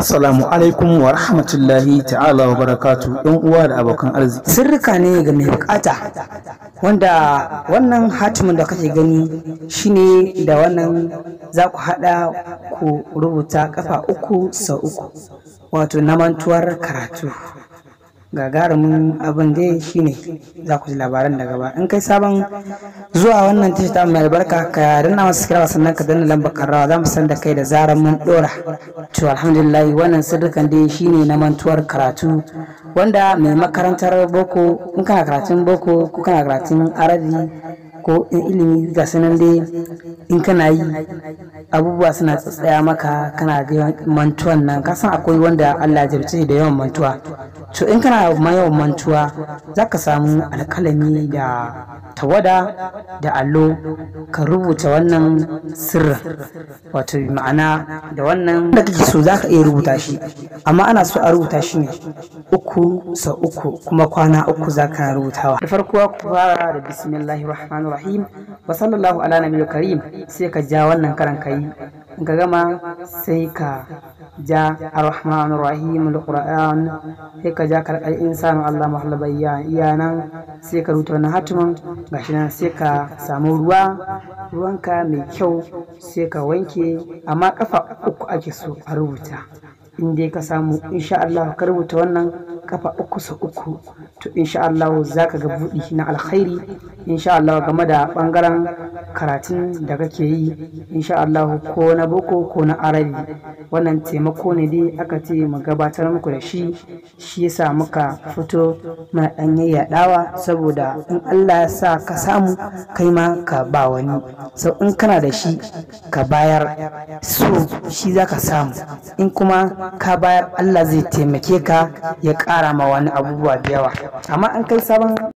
Assalamu alaikum wa rahmatullahi ta'ala wa barakatu ɗan uwa da abokan arziki. Sirrika ne ga mai bukata wanda wannan hatimin da kake gani shine da wannan za ku haɗa ku rubuta kafa uku sau uku wato namantuwar karatu. gagarumin abin dai shine za ku ji labaran da gaba in kai sabon zuwa wannan tashi ta mai albarka ka danna masu kira sannan ka danna lambar karrawa za mu san da kai da zarar mun dora to alhamdulillah wannan sirrikan dai shine na mantuwar karatu wanda mai makarantar boko in kana karatun boko ko kana karatun arabi ko ilimi ga sanan dai in kana yi abubuwa suna tsatsaya maka kana ga mantuwan nan kasan akwai wanda Allah ya da yawan mantuwa to in kana ma mantuwa za ka samu alkalami da tawada da allo ka rubuta wannan sirrin wato ma'ana da wannan da kake so za ka iya rubuta shi amma ana so a rubuta shi ne uku sau uku kuma kwana uku za ka rubutawa da farko ku fara da bismillahir rahmanir rahim wa sallallahu ala nabiyil karim sai ka ja wannan karan kai in ka gama sai ka ja arrahman rahim alquran sai ka ja karkar insanu allah mahal bayyan iya nan sai ka rubuta na hatimin gashi nan sai ka samu ruwa ruwanka mai kyau sai ka wanke amma kafa uku ake so a rubuta in dai ka samu insha Allah ka rubuta wannan kafa uku sa uku to insha Allah za ka ga buɗi na alkhairi insha Allah game da bangaren karatun da kake yi insha Allah ko na boko ko na arabi wannan taimako ne dai aka ce mu gabatar muku da shi shi yasa muka fito mana dan dawa saboda in Allah ya sa ka samu kai ma ka ba wani so in kana da shi ka bayar so shi zaka samu in kuma ka bayar Allah zai taimake ka ya ƙara ma wani abubuwa da yawa amma an kai sabon